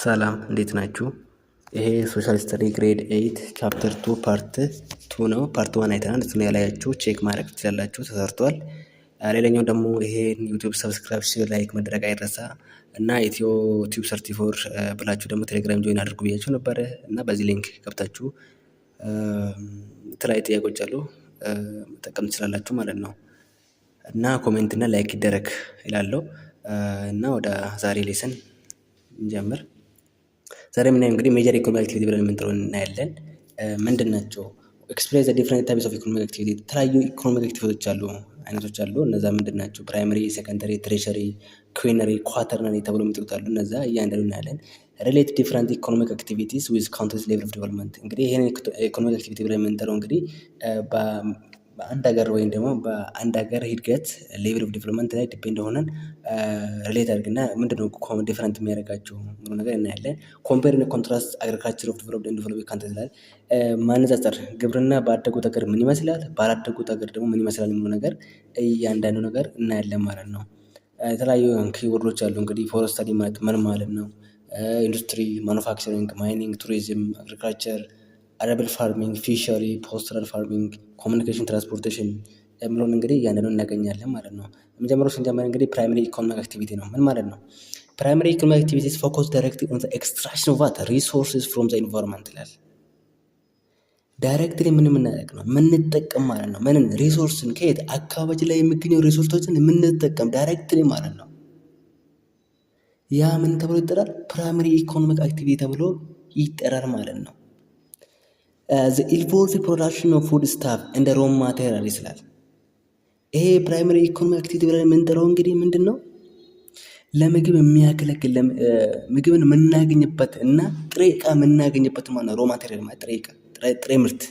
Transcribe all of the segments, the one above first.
ሰላም እንዴት ናችሁ? ይሄ ሶሻል ስተዲ ግሬድ ኤይት ቻፕተር ቱ ፓርት ቱ ነው። ፓርት ዋን አይተናል። እሱን ያላያችሁ ቼክ ማድረግ ትችላላችሁ፣ ተሰርቷል። ሌላኛው ደግሞ ይሄን ዩቲዩብ ሰብስክራይብ ላይክ መድረግ አይረሳ እና ኢትዮ ቲዩብ ሰርቲፎር ብላችሁ ደግሞ ቴሌግራም ጆይን አድርጉ ብያችሁ ነበረ እና በዚህ ሊንክ ገብታችሁ የተለያዩ ጥያቄዎች አሉ መጠቀም ትችላላችሁ ማለት ነው እና ኮሜንትና ላይክ ይደረግ ይላለው እና ወደ ዛሬ ሌሰን እንጀምር። ዛሬ የምናየው እንግዲህ ሜጀር ኢኮኖሚ አክቲቪቲ ብለን የምንጥረው እናያለን። ምንድን ናቸው? ኤክስፕሬስ ዲፍረንት ታይፕስ ኦፍ ኢኮኖሚ አክቲቪቲ የተለያዩ ኢኮኖሚ አክቲቪቲዎች አሉ አይነቶች አሉ። እነዛ ምንድን ናቸው? ፕራይመሪ፣ ሴኮንደሪ፣ ትሬሸሪ፣ ኩዊነሪ፣ ኳተርነሪ ተብሎ የሚጥሉት አሉ። እነዛ እያንዳንዱ እናያለን። ሪሌት ዲፍረንት ኢኮኖሚክ አክቲቪቲስ ዊዝ ካንትሪስ ሌቭል ኦፍ ዲቨሎፕመንት እንግዲህ ይህንን ኢኮኖሚክ አክቲቪቲ ብለን የምንጠረው እንግዲህ በአንድ ሀገር ወይም ደግሞ በአንድ ሀገር እድገት ሌቭል ኦፍ ዲቨሎፕመንት ላይ ዲፔንድ ሆነን ሪሌት አድርግና ምንድነው ዲፈረንት የሚያደርጋቸው ሙሉ ነገር እናያለን። ኮምፔር ኮንትራስት አግሪካልቸር ኦፍ ዲቨሎፕ ኤንድ ዴቨሎፒንግ ካንትሪስ ይላል። ማነጻጸር ግብርና ባደጉት ሀገር ምን ይመስላል፣ ባላደጉት ሀገር ደግሞ ምን ይመስላል የሚሉ ነገር እያንዳንዱ ነገር እናያለን ማለት ነው። የተለያዩ ኪወርዶች አሉ እንግዲህ ፎረስተሪ ማለት ምን ማለት ነው? ኢንዱስትሪ፣ ማኑፋክቸሪንግ፣ ማይኒንግ፣ ቱሪዝም፣ አግሪካልቸር አረብል ፋርሚንግ፣ ፊሸሪ፣ ፖስተራል ፋርሚንግ፣ ኮሚኒኬሽን፣ ትራንስፖርቴሽን የምለውን እንግዲህ ያንኑ እናገኛለን ማለት ነው። የመጀመሪያው ስንጀምር እንግዲህ ፕራይመሪ ኢኮኖሚክ አክቲቪቲ ነው። ምን ማለት ነው? ፕራይመሪ ኢኮኖሚክ አክቲቪቲ ፎከስ ዳይሬክት ኦን ኤክስትራክሽን ኦፍ ዋተር ሪሶርስስ ፍሮም ዘ ኢንቫይሮንመንት ይላል። ዳይሬክትሊ ምን የምናደርግ ነው የምንጠቀም ማለት ነው። ምንን ሪሶርስን ከየት አካባቢ ላይ የሚገኘው ሪሶርሶችን የምንጠቀም ዳይሬክትሊ ማለት ነው። ያ ምን ተብሎ ይጠራል? ፕራይመሪ ኢኮኖሚክ አክቲቪቲ ተብሎ ይጠራል ማለት ነው። ዘ ኢንቮልቭ ፕሮዳክሽን ኦፍ ፉድ ስታፍ እንደ ሮም ማቴሪያል ይስላል። ይሄ ፕራይመሪ ኢኮኖሚ አክቲቪቲ ብለን የምንጠራው እንግዲህ ምንድን ነው? ለምግብ የሚያገለግል uh, ምግብን የምናገኝበት እና ጥሬ ዕቃ የምናገኝበት ማ ሮ ማቴሪያል ማለት ጥሬ ዕቃ፣ ጥሬ ምርት።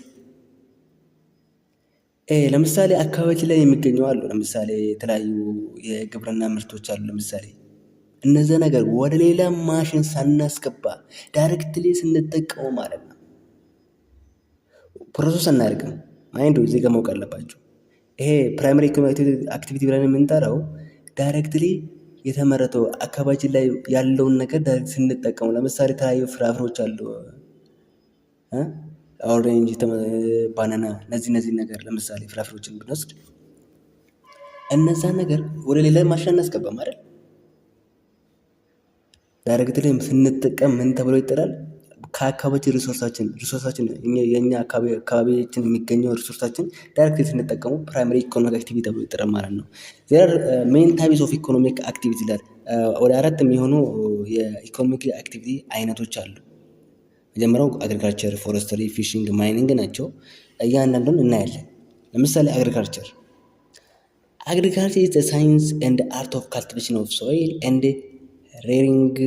ለምሳሌ አካባቢ ላይ የሚገኘው አሉ። ለምሳሌ የተለያዩ የግብርና ምርቶች አሉ። ለምሳሌ እነዚያ ነገር ወደ ሌላ ማሽን ሳናስገባ ዳይሬክትሊ ስንጠቀሙ ማለት ነው ፕሮሰስ አናደርግም። ማይንዱ እዚህ ጋር ማወቅ አለባቸው። ይሄ ፕራይመሪ ኢኮኖሚክ አክቲቪቲ ብለን የምንጠራው ዳይሬክትሊ የተመረተው አካባቢ ላይ ያለውን ነገር ዳይሬክት ስንጠቀሙ፣ ለምሳሌ የተለያዩ ፍራፍሮች አሉ፣ ኦሬንጅ፣ ባናና፣ እነዚህ እነዚህ ነገር ለምሳሌ ፍራፍሮችን ብንወስድ እነዛን ነገር ወደ ሌላ ማሽን እናስገባም አይደል? ዳይሬክትሊ ስንጠቀም ምን ተብሎ ይጠራል? ከአካባቢ ሪሶርሳችን ሪሶርሳችን የኛ አካባቢያችን የሚገኘው ሪሶርሳችን ዳይሬክት ስንጠቀሙ ፕራይማሪ ኢኮኖሚክ አክቲቪቲ ተብሎ ይጠራል ማለት ነው። ዜር ሜን ታይፕስ ኦፍ ኢኮኖሚክ አክቲቪቲ ላል ወደ አራት የሚሆኑ የኢኮኖሚክ አክቲቪቲ አይነቶች አሉ። መጀመሪያው አግሪካልቸር፣ ፎረስተሪ፣ ፊሽንግ፣ ማይኒንግ ናቸው። እያንዳንዱን እናያለን። ለምሳሌ አግሪካልቸር አግሪካልቸር ኢዝ ሳይንስ ኤንድ አርት ኦፍ ካልቲቬሽን ኦፍ ሶይል ኤንድ ሬሪንግ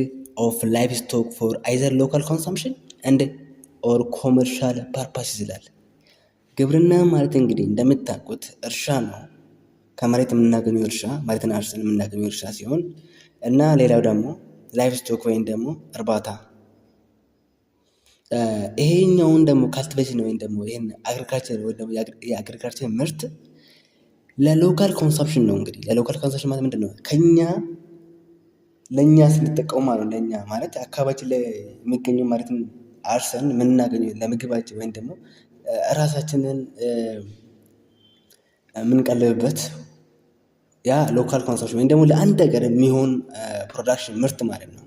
ኦፍ ላይቭስቶክ ፎር አይዘር ሎካል ኮንሰምፕሽን እንድ ኦር ኮመርሻል ፐርፓስ ይዝላል። ግብርና ማለት እንግዲህ እንደምታውቁት እርሻ ነው። ከመሬት የምናገኘው እርሻ መሬትን አርሰን የምናገኘው እርሻ ሲሆን እና ሌላው ደግሞ ላይቭስቶክ ወይም ደግሞ እርባታ ይሄኛውን ደግሞ ካልቲቬሽን ወይም ደግሞ ይህን አግሪካልቸር ወይ ደግሞ የአግሪካልቸር ምርት ለሎካል ኮንሰምፕሽን ነው። እንግዲህ ለሎካል ኮንሰምፕሽን ማለት ምንድን ነው? ከኛ ለእኛ ስንጠቀሙ ማለት ነው። ለእኛ ማለት አካባቢያችን ላይ የሚገኘው ማለት አርሰን የምናገኘው ለምግባችን ወይም ደግሞ እራሳችንን የምንቀልብበት ያ ሎካል ኮንሰፕሽን ወይም ደግሞ ለአንድ ሀገር የሚሆን ፕሮዳክሽን ምርት ማለት ነው።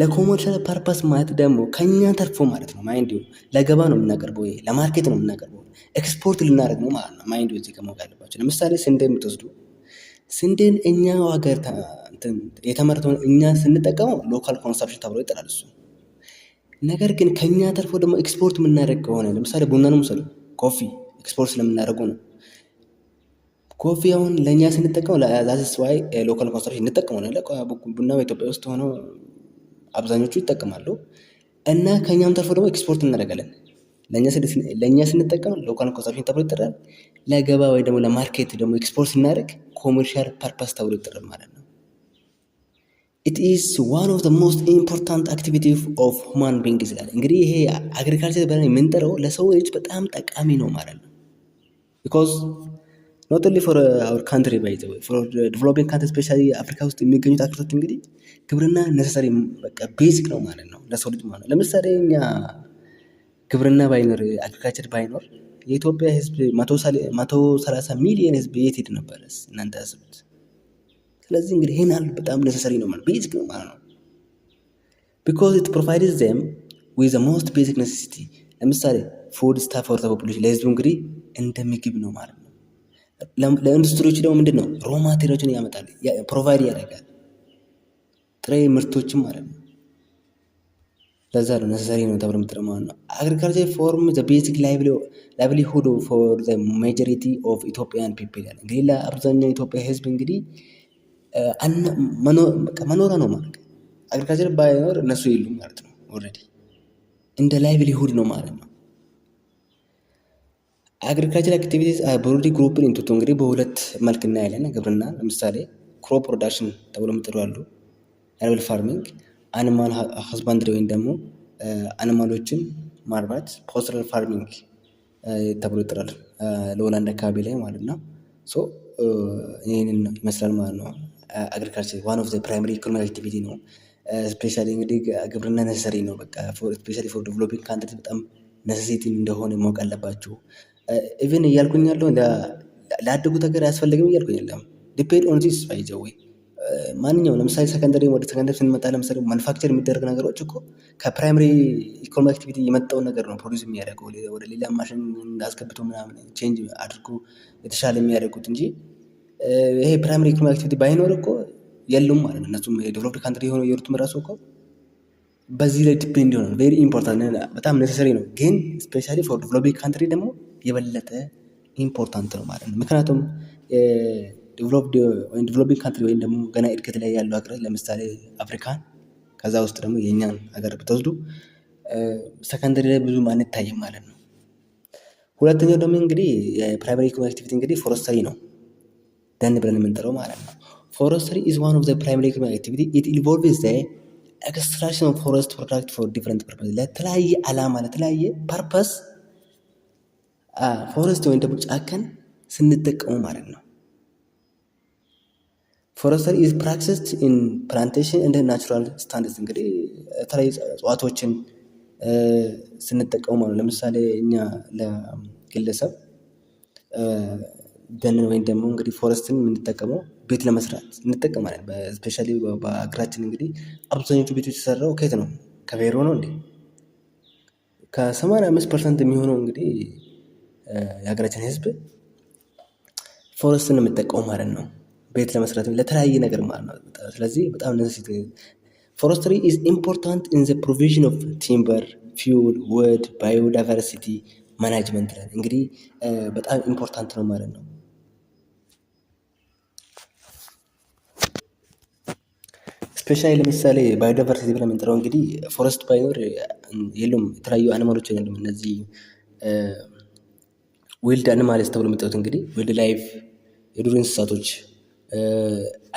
ለኮመርሻል ፐርፐስ ማለት ደግሞ ከኛ ተርፎ ማለት ነው። ማይንድ ለገባ ነው የምናቀርበው፣ ለማርኬት ነው የምናቀርበው፣ ኤክስፖርት ልናደርግ ነው ማለት ነው። ማይንድ እዚህ ከማወቅ ያለባቸው ለምሳሌ ስንዴ የምትወስዱ ስንዴን እኛ ሀገር የተመረተውን እኛ ስንጠቀመው ሎካል ኮንሰፕሽን ተብሎ ይጠራል እሱ። ነገር ግን ከእኛ ተርፎ ደግሞ ኤክስፖርት የምናደርግ ከሆነ ለምሳሌ ቡና ነው ምስሉ ኮፊ ኤክስፖርት ስለምናደርጉ ነው። ኮፊ አሁን ለእኛ ስንጠቀመው ለዛስ ዋይ ሎካል ኮንሰፕሽን እንጠቀመዋለን። ቡና በኢትዮጵያ ውስጥ ሆነው አብዛኞቹ ይጠቀማሉ እና ከእኛም ተርፎ ደግሞ ኤክስፖርት እናደርጋለን። ለእኛ ስንጠቀም ሎካል ኮንሰምሽን ተብሎ ይጠራል። ለገባ ወይ ደግሞ ለማርኬት ደግሞ ኤክስፖርት ስናደርግ ኮሜርሻል ፐርፐስ ተብሎ ይጠራል ማለት ነው። ኢት ኢዝ ዋን ኦፍ ዘ ሞስት ኢምፖርታንት አክቲቪቲ ኦፍ ሁማን ቢንግ ይላል። እንግዲህ ይሄ አግሪካልቸር ብለን የምንጠራው ለሰው ልጅ በጣም ጠቃሚ ነው ማለት ነው። ቢኮዝ ኖት ኦንሊ ፎር አወር ካንትሪ ባይ ዘ ወይ ፎር ዲቨሎፒንግ ካንትሪ ስፔሻሊ አፍሪካ ውስጥ የሚገኙት አክቶች እንግዲህ ግብርና ነሰሰሪ በቃ ቤዚክ ነው ማለት ነው ለሰው ልጅ ማለት ነው። ለምሳሌ እኛ ግብርና ባይኖር አግሪካልቸር ባይኖር የኢትዮጵያ ህዝብ መቶ ሰላሳ ሚሊዮን ህዝብ የት ሄድ ነበረ? እናንተ አስቡት። ስለዚህ እንግዲህ ይህን ያህል በጣም ነሰሰሪ ነው ማለት ቤዚክ ነው ማለት ነው። ቢኮዝ ኢት ፕሮቫይድስ ዘም ዊዝ ሞስት ቤዚክ ኔሴሲቲ ለምሳሌ ፉድ ስታፍ ፎር ፖፑሌሽን ለህዝቡ እንግዲህ እንደ ምግብ ነው ማለት ነው። ለኢንዱስትሪዎች ደግሞ ምንድን ነው ሮማቴሪያዎችን ያመጣል ፕሮቫይድ ያደርጋል ጥሬ ምርቶችም ማለት ነው። ለዛ ነው ነሰሰሪ ነው ተብሎ የምትለው ማለት ነው። አግሪካልቸር ፎርም ዘ ቤዚክ ላይቭሊሁድ ፎር ዘ ማጆሪቲ ኦፍ ኢትዮጵያን ፒፕል ያለ እንግዲህ ለአብዛኛው ኢትዮጵያ ህዝብ እንግዲህ መኖሪያ ነው ማለት አግሪካልቸር ባይኖር እነሱ የሉ ማለት ነው። ኦልሬዲ እንደ ላይቭሊሁድ ነው ማለት ነው። አግሪካልቸር አክቲቪቲስ ብሮድሊ ግሩፕን ኢንቱቱ እንግዲህ በሁለት መልክ እናያለን። ግብርና ለምሳሌ ክሮፕ ፕሮዳክሽን ተብሎ የምትለው አሉ፣ ሄርባል ፋርሚንግ አኒማል ሀዝባንድሪ ወይም ደግሞ አኒማሎችን ማርባት ፖስትራል ፋርሚንግ ተብሎ ይጠራል። ለሆላንድ አካባቢ ላይ ማለት ነው። ሶ ይህንን ይመስላል ማለት ነው። አግሪካልቸር ዋን ኦፍ ዘ ፕራይማሪ ኢኮኖሚ አክቲቪቲ ነው። ስፔሻሊ እንግዲህ ግብርና ነሰሪ ነው። በቃ ስፔሻሊ ፎር ዲቨሎፒንግ ካንትሪ በጣም ነሰሲቲ እንደሆነ ማወቅ አለባችሁ። ኢቨን እያልኩኝ ያለው ላደጉት ሀገር አያስፈልግም እያልኩኝ ለም ዲፔንድ ኦን ዚስ ባይ ዘ ዌይ ማንኛውም ለምሳሌ ሰከንደሪ ወደ ሰከንደሪ ስንመጣ ለምሳሌ ማኑፋክቸር የሚደረግ ነገሮች እኮ ከፕራይመሪ ኢኮኖሚ አክቲቪቲ የመጣውን ነገር ነው ፕሮዲስ የሚያደርገው ወደ ሌላ ማሽን አስገብቶ ምናምን ቼንጅ አድርጎ የተሻለ የሚያደርጉት እንጂ ይሄ ፕራይመሪ ኢኮኖሚ አክቲቪቲ ባይኖር እኮ የሉም ማለት ነው። እነሱም የዴቨሎፕድ ካንትሪ የሆኑ የሩትም ራሱ እኮ በዚህ ላይ ዲፔንድ ይሆናል። ቬሪ ኢምፖርታንት በጣም ኔሴሰሪ ነው፣ ግን ስፔሻሊ ፎር ዴቨሎፒንግ ካንትሪ ደግሞ የበለጠ ኢምፖርታንት ነው ማለት ነው። ምክንያቱም ዲቨሎፒንግ ካንትሪ ወይም ደግሞ ገና እድገት ላይ ያሉ ሀገራት ለምሳሌ አፍሪካን ከዛ ውስጥ ደግሞ የእኛን ሀገር ብትወስዱ ሰከንደሪ ላይ ማን አንታይም ማለት ነው። ሁለተኛው ደግሞ እንግዲህ የፕራይማሪ ኢኮኖሚ አክቲቪቲ እንግዲህ ፎረስተሪ ነው፣ ደን ብለን የምንጠራው ማለት ነው። ፎረስተሪ ኢዝ ዋን ኦፍ ዘ ፕራይማሪ ኢኮኖሚ አክቲቪቲ ኢት ኢንቮልቭስ ዘ ኤክስትራክሽን ኦፍ ፎረስት ፕሮዳክት ፎር ዲፍረንት ፐርፐስ፣ ለተለያየ ዓላማ ለተለያየ ፐርፐስ ፎረስት ወይም ደግሞ ጫካን ስንጠቀሙ ማለት ነው። ፎረስተሪ ኢዝ ፕራክቲስድ ኢን ፕላንቴሽን እንደ ናቹራል ስታንድርድ እንግዲህ የተለያዩ እጽዋቶችን ስንጠቀሙ ማለት ለምሳሌ እኛ ለግለሰብ ደንን ወይም ደግሞ እንግዲህ ፎረስትን የምንጠቀመው ቤት ለመስራት እንጠቀማለን። በስፔሻሊ በሀገራችን እንግዲህ አብዛኞቹ ቤቶች የተሰራው ከየት ነው? ከፌሮ ነው እንዴ? ከሰማንያ አምስት ፐርሰንት የሚሆነው እንግዲህ የሀገራችን ህዝብ ፎረስትን የምንጠቀመው ማለት ነው። ቤት ለመስራት ለተለያየ ነገር ማለት ነው። ስለዚህ በጣም ፎረስትሪ ኢዝ ኢምፖርታንት ኢን ዘ ፕሮቪዥን ኦፍ ቲምበር ፊውል ወድ ባዮዳይቨርሲቲ ማናጅመንት ላይ እንግዲህ በጣም ኢምፖርታንት ነው ማለት ነው። ስፔሻሊ ለምሳሌ ባዮዳይቨርሲቲ ብለን የምንጠራው እንግዲህ ፎረስት ባይኖር የሉም፣ የተለያዩ አኒማሎች የሉም። እነዚህ ዊልድ አኒማልስ ተብሎ የሚጠሩት እንግዲህ ዊልድ ላይፍ የዱር እንስሳቶች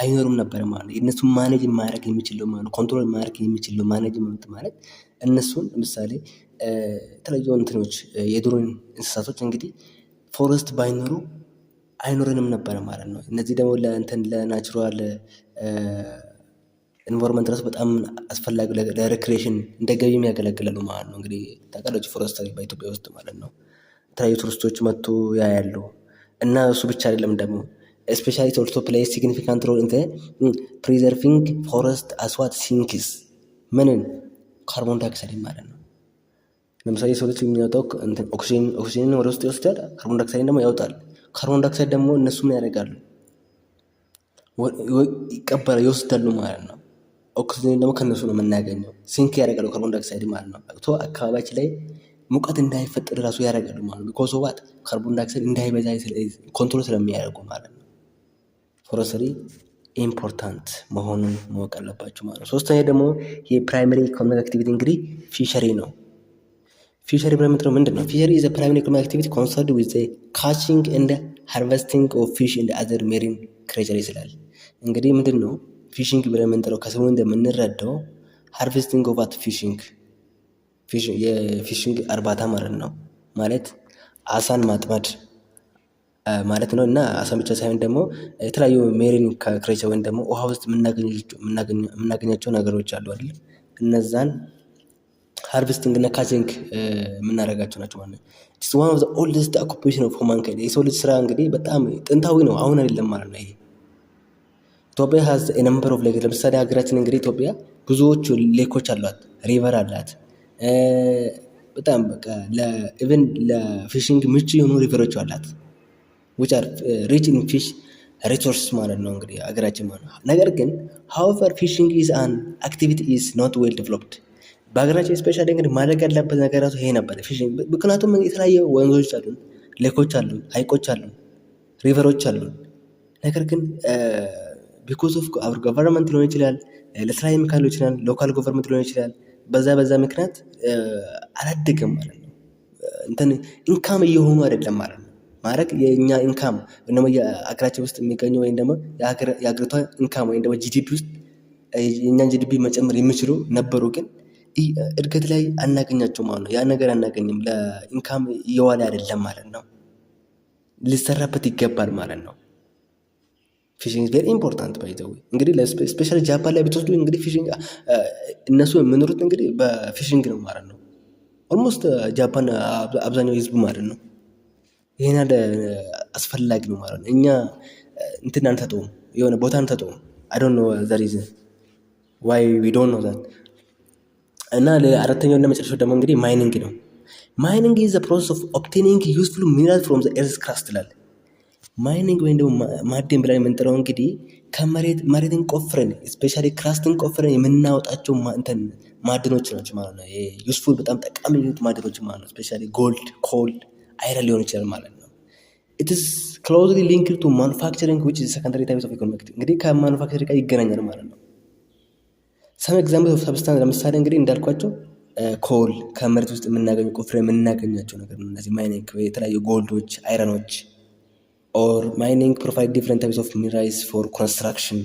አይኖርም ነበር ማለት ነው። እነሱን ማኔጅ ማድረግ የሚችለው ማለት ኮንትሮል ማድረግ የሚችለው ማኔጅመንት ማለት እነሱን ለምሳሌ የተለያዩ እንትኖች የዱር እንስሳቶች እንግዲህ ፎረስት ባይኖሩ አይኖረንም ነበረ ማለት ነው። እነዚህ ደግሞ ለእንትን ለናቹራል ኢንቫይሮንመንት ራሱ በጣም አስፈላጊ ለሬክሬሽን እንደ ገቢ የሚያገለግለሉ ማለት ነው። እንግዲህ ታውቃላችሁ ፎረስት በኢትዮጵያ ውስጥ ማለት ነው የተለያዩ ቱሪስቶች መጥቶ ያያሉ እና እሱ ብቻ አይደለም ደግሞ especially it also plays significant role in the mm, preserving forest as what sinks ምንን ካርቦን ዳይኦክሳይድ ማለት ነው። ለምሳሌ የሰው ልጅ የሚያወጣው ኦክሲጅንን ወደ ውስጥ ይወስዳል፣ ካርቦን ዳይኦክሳይድን ደግሞ ያወጣል። ካርቦን ዳይኦክሳይድ ደግሞ እነሱ ምን ያደርጋሉ? ይቀበላል፣ ይወስዳሉ ማለት ነው። ኦክሲጅን ደግሞ ከነሱ ነው የምናገኘው። ሲንክ ያደርጋሉ ካርቦን ዳይኦክሳይድ ማለት ነው። አቶ አካባቢያችን ላይ ሙቀት እንዳይፈጠር ራሱ ያደርጋሉ ማለት ነው። ቢኮዝ ኦፍ ዋት ካርቦን ዳይኦክሳይድ እንዳይበዛ ኮንትሮል ስለሚያደርጉ ማለት ነው። ሶርሰሪ ኢምፖርታንት መሆኑን ማወቅ አለባችሁ ማለት ነው። ሶስተኛ ደግሞ የፕራይመሪ ኢኮኖሚክ አክቲቪቲ እንግዲህ ፊሸሪ ነው። ፊሸሪ ብለን የምንጠራው ምንድን ነው? ፊሸሪ ዘ ፕራይመሪ ኢኮኖሚክ አክቲቪቲ ኮንሰርድ ዊዝ ካችንግ እንደ ሃርቨስቲንግ ኦፍ ፊሽ እንደ አዘር ሜሪን ክሬቸር ይስላል። እንግዲህ ምንድን ነው ፊሽንግ ብለን የምንጠራው ከስሙ እንደምንረዳው ሃርቨስቲንግ ኦባት ፊሽንግ የፊሽንግ እርባታ ማለት ነው። ማለት አሳን ማጥመድ ማለት ነው። እና አሳን ብቻ ሳይሆን ደግሞ የተለያዩ ሜሪን ክሬቸር ወይም ደግሞ ውሃ ውስጥ የምናገኛቸው ነገሮች አሉ አይደል እነዛን ሃርቨስቲንግ እና ካችንግ የምናደርጋቸው ናቸው ማለት ነው። ኢትስ ዋን ኦፍ ዘ ኦልደስት ኦኩፔሽን ኦፍ ሁማንካይንድ የሰው ልጅ ስራ እንግዲህ በጣም ጥንታዊ ነው፣ አሁን አይደለም ማለት ነው። ይሄ ኢትዮጵያ ሀዝ ኤ ነምበር ኦፍ ሌክ ለምሳሌ ሀገራችን እንግዲህ ኢትዮጵያ ብዙዎቹ ሌኮች አሏት፣ ሪቨር አላት። በጣም በቃ ኢቨን ለፊሽንግ ምቹ የሆኑ ሪቨሮች አላት። ዊች አር ሪች ኢን ፊሽ ሪሶርስ ማለት ነው እንግዲህ አገራችን ማለት ነው። ነገር ግን ሀውቨር ፊሽንግ ኢዝ አን አክቲቪቲ ኢዝ ኖት ዌል ዲቨሎፕድ በሀገራችን ስፔሻሊ እንግዲህ ማድረግ ያለበት ነገራቱ ይሄ ነበር ፊሽንግ። ምክንያቱም የተለያየ ወንዞች አሉን፣ ሌኮች አሉ ሀይቆች አሉ ሪቨሮች አሉ። ነገር ግን ቢኮዝ ኦፍ አብር ጎቨርንመንት ሊሆን ይችላል፣ uh, ለተለያየ ምካል ሊሆን ይችላል፣ ሎካል ጎቨርንመንት ሊሆን ይችላል። በዛ በዛ ምክንያት uh, አላደገም ማለት ነው። uh, እንትን ኢንካም እየሆኑ አይደለም ማለት ነው። ማድረግ የእኛ ኢንካም ወይም ደግሞ የሀገራችን ውስጥ የሚገኘ ወይም ደግሞ የሀገሪቷ ኢንካም ወይም ደግሞ ጂዲፒ ውስጥ የእኛን ጂዲፒ መጨመር የሚችሉ ነበሩ፣ ግን እድገት ላይ አናገኛቸውም ማለት ነው። ያ ነገር አናገኝም፣ ለኢንካም እየዋለ አይደለም ማለት ነው። ሊሰራበት ይገባል ማለት ነው። ፊሽንግ ቬሪ ኢምፖርታንት ባይዘው እንግዲህ ስፔሻል ጃፓን ላይ ብትወስዱ እንግዲህ ፊሽንግ uh, እነሱ የምኖሩት እንግዲህ በፊሽንግ ነው ማለት ነው። ኦልሞስት ጃፓን uh, uh, አብዛኛው ህዝቡ ማለት ነው። ይህን ያለ አስፈላጊ ነው ማለት ነው። እኛ እንትን አንሰጠውም የሆነ ቦታ አንሰጠውም። አይ ነው ዘሪዝ ዋይ ዊ ዶንት ኖ ዛት እና አራተኛው እና መጨረሻው ደግሞ እንግዲህ ማይኒንግ ነው። ማይኒንግ ኢዝ ዘ ፕሮሰስ ኦፍ ኦብቴኒንግ ዩዝፉል ሚነራል ፍሮም ዘ ኤርዝ ክራስት ይላል። ማይኒንግ ወይም ደግሞ ማዕድን ብለን የምንጠራው እንግዲህ ከመሬት መሬትን ቆፍረን ስፔሻሊ ክራስትን ቆፍረን የምናወጣቸው እንትን ማዕድኖች ናቸው ማለት ነው። ዩስፉል በጣም ጠቃሚ ማዕድኖች ማለት ነው። ስፔሻሊ ጎልድ፣ ኮልድ አይረ ሊሆን ይችላል ማለት ነው። ኢትስ ክሎዝሊ ሊንክ ቱ ማኑፋክቸሪንግ ዊች ሰከንዳሪ ታይፕስ ኦፍ ኢኮኖሚክ እንግዲህ ከማኑፋክቸሪንግ ጋር ይገናኛል ማለት ነው። ሰም ኤግዛምፕል ኦፍ ሰብስታንስ ለምሳሌ እንግዲህ እንዳልኳቸው ኮል ከመሬት ውስጥ የምናገኙ ቁፍሬ የምናገኛቸው ነገር ነው። እነዚህ ማይኒንግ የተለያዩ ጎልዶች፣ አይረኖች ኦር ማይኒንግ ፕሮቫይድ ዲፍረንት ታይፕስ ኦፍ ሚራይስ ፎር ኮንስትራክሽን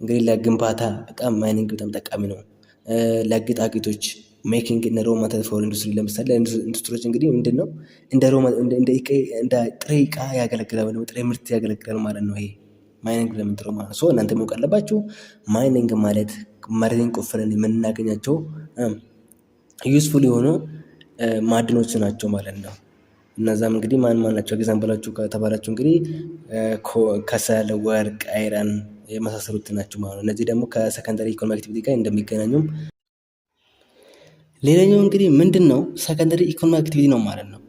እንግዲህ ለግንባታ በጣም ማይኒንግ በጣም ጠቃሚ ነው። ለጌጣጌጦች ሜኪንግ እነ ሮ ማተሪያል ፎር ኢንዱስትሪ ለምሳሌ ኢንዱስትሪዎች እንግዲህ ምንድን ነው እንደ ሮ እንደ ጥሬ እቃ ያገለግላል ወይ ጥሬ ምርት ያገለግላል ማለት ነው። ይሄ ማይኒንግ ለምንጥረው ማለት ሶ እናንተ መውቅ አለባችሁ። ማይኒንግ ማለት መሬትን ቆፍረን የምናገኛቸው ዩስፉል የሆኑ ማድኖች ናቸው ማለት ነው። እነዛም እንግዲህ ማን ማን ናቸው? ኤግዛምፕላችሁ ከተባላችሁ እንግዲህ ከሰል፣ ወርቅ፣ አይረን የመሳሰሉት ናቸው ማለት ነው። እነዚህ ደግሞ ከሰከንዳሪ ኢኮኖሚ አክቲቪቲ ጋር እንደሚገናኙም ሌላኛው እንግዲህ ምንድን ነው ሰከንደሪ ኢኮኖሚ አክቲቪቲ ነው ማለት ነው።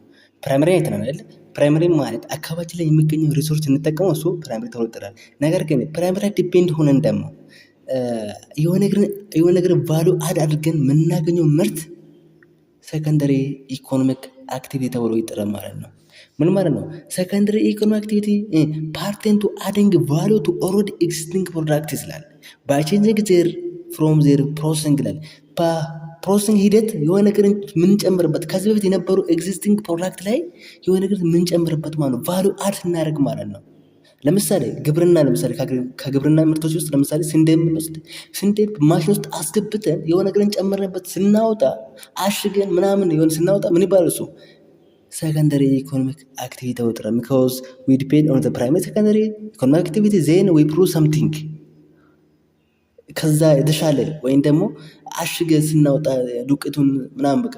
ፕራይመሪ አይተናል አይደል? ፕራይመሪ ማለት አካባቢ ላይ የሚገኘው ሪሶርስ እንጠቀመው እሱ ፕራይመሪ ተብሎ ይጠራል። ነገር ግን ፕራይመሪ ዲፔንድ ሆነን ደግሞ የሆነ ነገር ቫሉ አድ አድርገን የምናገኘው ምርት ሰከንደሪ ኢኮኖሚክ አክቲቪቲ ተብሎ ይጠራል ማለት ነው። ምን ማለት ነው? ሰከንደሪ ኢኮኖሚ አክቲቪቲ ፓርቴን ቱ አዲንግ ቫሉ ቱ ኦልሬዲ ኤግዚስቲንግ ፕሮዳክት ይላል። ባይ ቼንጂንግ ዜር ፍሮም ዜር ፕሮሰስ ይላል ፕሮሰሲንግ ሂደት የሆነ ነገር የምንጨምርበት ከዚህ በፊት የነበሩ ኤግዚስቲንግ ፕሮዳክት ላይ የሆነ ነገር የምንጨምርበት ማለት ነው። ቫሉ አድ እናደርግ ማለት ነው። ለምሳሌ ግብርና ለምሳሌ ከግብርና ምርቶች ውስጥ ለምሳሌ ስንዴ የምንወስድ ስንዴ ማሽን ውስጥ አስገብተን የሆነ ነገርን ጨምረንበት ስናወጣ አሽገን ምናምን የሆነ ስናወጣ ምን ይባላል እሱ ሰከንደሪ ኢኮኖሚክ አክቲቪቲ ተወጥረ ቢካዝ ዊ ዲፔንድ ኦን ፕራይመሪ ሰከንደሪ ኢኮኖሚክ አክቲቪቲ ዜን ዊ ፕሩ ሰምቲንግ ከዛ የተሻለ ወይም ደግሞ አሽገ ስናወጣ ዱቄቱን ምናምን በቃ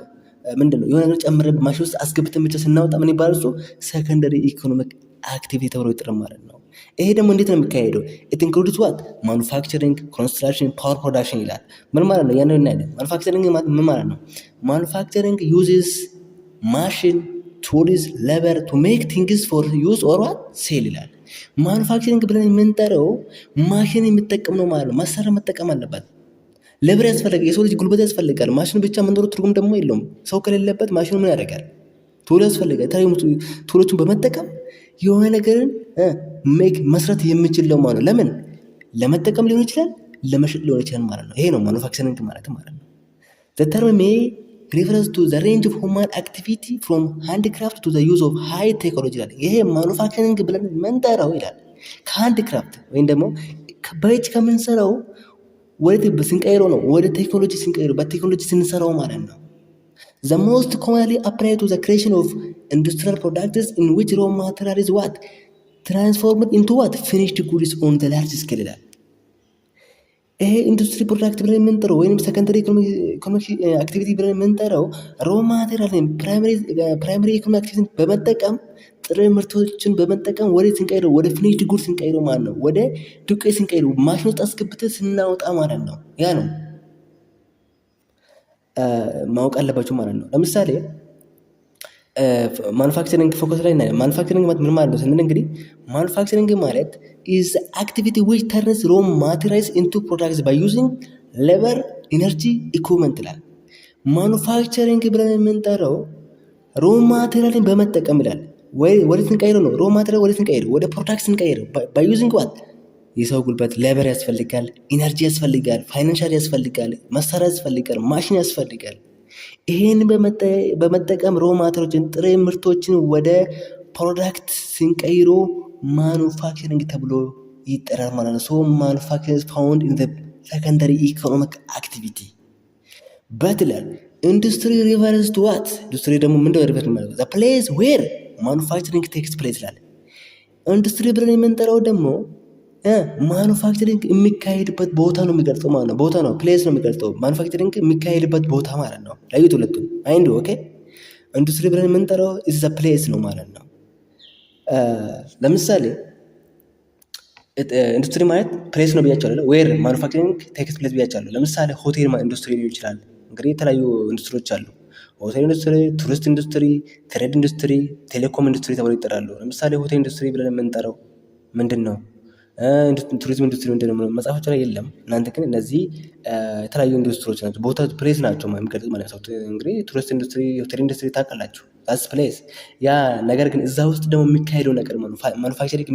ምንድን ነው የሆነ ነገር ጨምረ ማሽ ውስጥ አስገብተን ብቻ ስናወጣ ምን ይባላል? እሱ ሰከንደሪ ኢኮኖሚክ አክቲቪቲ ተብሎ ይጥር ማለት ነው። ይሄ ደግሞ እንዴት ነው የሚካሄደው? ኢንክሉድስ ዋት ማኑፋክቸሪንግ፣ ኮንስትራክሽን፣ ፓወር ፕሮዳክሽን ይላል። ምን ማለት ነው? ያንን እናያለን። ማኑፋክቸሪንግ ምን ማለት ነው? ማኑፋክቸሪንግ ዩዝስ ማሽን ቱሪዝ ለበር ቱ ሜክ ቲንግስ ፎር ዩዝ ኦር ዋት ሴል ይላል። ማኑፋክቸሪንግ ብለን የምንጠረው ማሽን የሚጠቀም ነው ማለት ነው። መሳሪያ መጠቀም አለባት። ለብር ያስፈልጋል። የሰው ልጅ ጉልበት ያስፈልጋል። ማሽን ብቻ መኖሩ ትርጉም ደግሞ የለውም። ሰው ከሌለበት ማሽኑ ምን ያደርጋል? ቶሎ ያስፈልጋል። የተለያዩ ቶሎቹን በመጠቀም የሆነ ነገርን ሜክ መስራት የምችለው ማለት ነው። ለምን ለመጠቀም ሊሆን ይችላል፣ ለመሸጥ ሊሆን ይችላል ማለት ነው። ይሄ ነው ማኑፋክቸሪንግ ማለት ማለት ነው። ዘተርም ይሄ ሪፈረንስ ቱ ዘ ሬንጅ ኦፍ ሁማን አክቲቪቲ ፍሮም ሃንድክራፍት ቱ ዘ ዩዝ ኦፍ ሃይ ቴክኖሎጂ ይላል። ይሄ ማኑፋክቸሪንግ ብለን መንጠራው ይላል። ከሃንድክራፍት ወይም ደግሞ በእጅ ከምንሰራው ወደ ስንቀይረው ነው ወደ ቴክኖሎጂ ስንቀይረው በቴክኖሎጂ ስንሰራው ማለት ነው። ዘ ሞስት ኮመንሊ አፕላይድ ቱ ዘ ክሬሽን ኦፍ ኢንዱስትሪያል ፕሮዳክትስ ኢን ዊች ሮ ማቴሪያል ኢዝ ዋት ትራንስፎርምድ ኢንቱ ዋት ፊኒሽድ ጉድስ ኦን ዘ ላርጅ ስኬል ይላል። ይሄ ኢንዱስትሪ ፕሮዳክት ብለን የምንጠረው eh, ወይም ሰከንደሪ ኢኮኖሚክ አክቲቪቲ ብለን የምንጠረው ሮ ማቴሪያል ፕራይማሪ ኢኮኖሚ አክቲቪቲን በመጠቀም ጥሬ ምርቶችን በመጠቀም ወደ ስንቀይረው ወደ ፊኒሽድ ጉድ ስንቀይረው ማለት ነው። ወደ ዱቄ ስንቀይረው ማሽን ውስጥ አስገብተን ስናወጣ ማለት ነው። ያ ነው ማወቅ አለባቸው ማለት ነው። ለምሳሌ ማኑፋክቸሪንግ ፎከስ ላይ ማኑፋክቸሪንግ ማለት ምን ማለት ነው ስንል እንግዲህ ማኑፋክቸሪንግ ማለት is activity which turns raw materials into products by using labor, energy, equipment ይላል። ማኑፋክቸሪንግ ብለን የምንጠራው ሮ ማቴሪያልን በመጠቀም ይላል። ወዴት እንቀይረው ነው? ሮ ማቴሪያል ወዴት እንቀይረው? ወደ ፕሮዳክት እንቀይረው። ባይ ዩዚንግ ዋት የሰው ጉልበት ሌበር ያስፈልጋል፣ ኢነርጂ ያስፈልጋል፣ ፋይናንሻል ያስፈልጋል፣ መሳሪያ ያስፈልጋል፣ ማሽን ያስፈልጋል። ይሄን በመጠቀም ሮ ማቴሪያሎችን ጥሬ ምርቶችን ወደ ፕሮዳክት ስንቀይሮ ማኑፋክቸሪንግ ተብሎ ይጠራል ማለት ነው። ሶ ማኑፋክቸሪንግ ፋውንድ ኢን ሰከንዳሪ ኢኮኖሚክ አክቲቪቲ በትላል ኢንዱስትሪ ሪቨርስ ቱ ዋት ኢንዱስትሪ ደግሞ ምንደ ሪቨርስ ማለት ነው። ፕሌስ ዌር ማኑፋክቸሪንግ ቴክስ ፕሌስ ይላል። ኢንዱስትሪ ብለን የምንጠራው ደግሞ ማኑፋክቸሪንግ የሚካሄድበት ቦታ ነው የሚገልጸው ማለት ነው። ቦታ ነው ፕሌስ ነው የሚገልጸው ማኑፋክቸሪንግ የሚካሄድበት ቦታ ማለት ነው። ለዩት ሁለቱም አይንዱ ኦኬ ኢንዱስትሪ ብለን የምንጠራው ኢዝ ፕሌስ ነው ማለት ነው። ለምሳሌ ኢንዱስትሪ ማለት ፕሌስ ነው አለ ዌር ማኑፋክቸሪንግ ቴክስ ፕሌስ አለ። ለምሳሌ ሆቴል ኢንዱስትሪ ሊሆን ይችላል። እንግዲህ የተለያዩ ኢንዱስትሪዎች አሉ። ሆቴል ኢንዱስትሪ፣ ቱሪስት ኢንዱስትሪ፣ ትሬድ ኢንዱስትሪ፣ ቴሌኮም ኢንዱስትሪ ተብሎ ይጠራሉ። ለምሳሌ ሆቴል ኢንዱስትሪ ብለን የምንጠራው ምንድን ነው? ቱሪዝም ኢንዱስትሪ ምንድን ነው መጽሐፎች ላይ የለም። እናንተ ግን እነዚህ የተለያዩ ኢንዱስትሪዎች ናቸው፣ ቦታ ፕሌስ ናቸው የሚገልጽ ማለት ነው። እንግዲህ ቱሪስት ኢንዱስትሪ፣ ሆቴል ኢንዱስትሪ ታውቃላችሁ፣ ስ ፕሌስ ያ ነገር ግን እዛ ውስጥ ደግሞ የሚካሄደው ነገር ማኑፋክቸሪንግ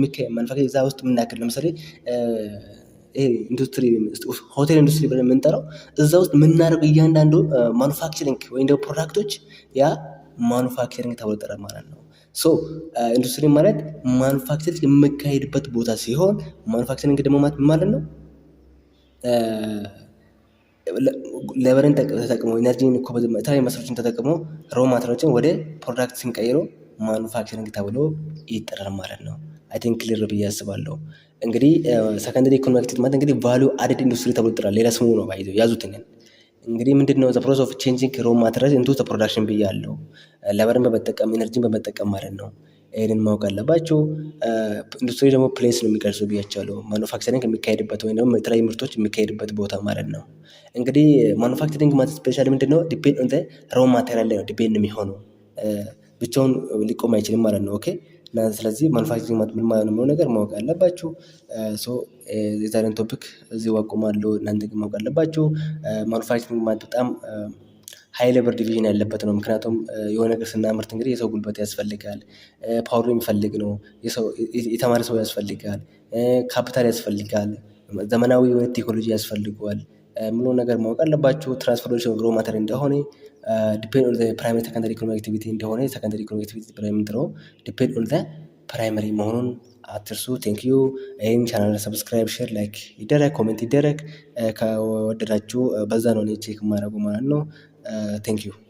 እዛ ውስጥ የምናክል ለምሳሌ ኢንዱስትሪ ሆቴል ኢንዱስትሪ ብለን የምንጠራው እዛ ውስጥ የምናደርገው እያንዳንዱ ማኑፋክቸሪንግ ወይም ደግሞ ፕሮዳክቶች ያ ማኑፋክቸሪንግ ተብሎ ይጠራል ማለት ነው። ኢንዱስትሪ ማለት ማኑፋክቸር የሚካሄድበት ቦታ ሲሆን ማኑፋክቸሪንግ ደግሞ ማለት ማለት ነው ለበርን ተጠቅሞ ኢነርጂን የተለያዩ መሰሮችን ተጠቅሞ ሮ ማትሪያዎችን ወደ ፕሮዳክት ሲንቀይሮ ማኑፋክቸሪንግ ተብሎ ይጠራል ማለት ነው። አይ ቲንክ ክሊር ብዬ አስባለሁ። እንግዲህ ሰከንደሪ ኮንቨክትድ ማለት እንግዲህ ቫሉ አድድ ኢንዱስትሪ ተብሎ ይጠራል። ሌላ ስሙ ነው ባይዘው ያዙትንን እንግዲህ ምንድን ነው ፕሮሰስ ኦፍ ቼንጂንግ ሮ ማትሪያል ኢንቱ ፕሮዳክሽን ብያለሁ። ለበርን በመጠቀም ኤነርጂን በመጠቀም ማለት ነው። ይህንን ማወቅ አለባችሁ። ኢንዱስትሪ ደግሞ ፕሌስ ነው የሚቀርሱ ብያቸዋለሁ። ማኑፋክቸሪንግ የሚካሄድበት ወይም ደግሞ የተለያዩ ምርቶች የሚካሄድበት ቦታ ማለት ነው። እንግዲህ ማኑፋክቸሪንግ ማለት ስፔሻሊ ምንድን ነው ዲፔንድ ኦን ሮ ማቴሪያል ላይ ነው ዲፔንድ የሚሆኑ ብቻውን ሊቆም አይችልም ማለት ነው። ኦኬ። ስለዚህ ማኑፋክቸሪንግ ምን ማለት ነው ነገር ማወቅ አለባችሁ። የዛሬን ቶፒክ እዚሁ አቆማለሁ። እናንተ ግን ማወቅ አለባችሁ ማኑፋክቸሪንግ ማለት በጣም ሀይ ሌበር ዲቪዥን ያለበት ነው። ምክንያቱም የሆነ ነገር ስናምርት እንግዲህ የሰው ጉልበት ያስፈልጋል፣ ፓወሩ የሚፈልግ ነው፣ የተማረ ሰው ያስፈልጋል፣ ካፒታል ያስፈልጋል፣ ዘመናዊ የሆነ ቴክኖሎጂ ያስፈልገዋል። ምሎ ነገር ማወቅ አለባችሁ። ትራንስፎርሜሽን ሮ ማተር እንደሆነ ዲፔንድ ኦን ፕራይመሪ ሰከንዳሪ ኢኮኖሚ አክቲቪቲ እንደሆነ ሰከንዳሪ ኢኮኖሚ አክቲቪቲ ብላ የምንጥረው ዲፔንድ ኦን ፕራይመሪ መሆኑን አትርሱ። ዩ። ይህን ቻናል ሰብስክራይብ፣ ሼር፣ ላይክ ይደረግ፣ ኮሜንት ይደረግ። ከወደዳችሁ በዛ ነው እኔ ቼክ የማደርገው ማለት ነው። ዩ።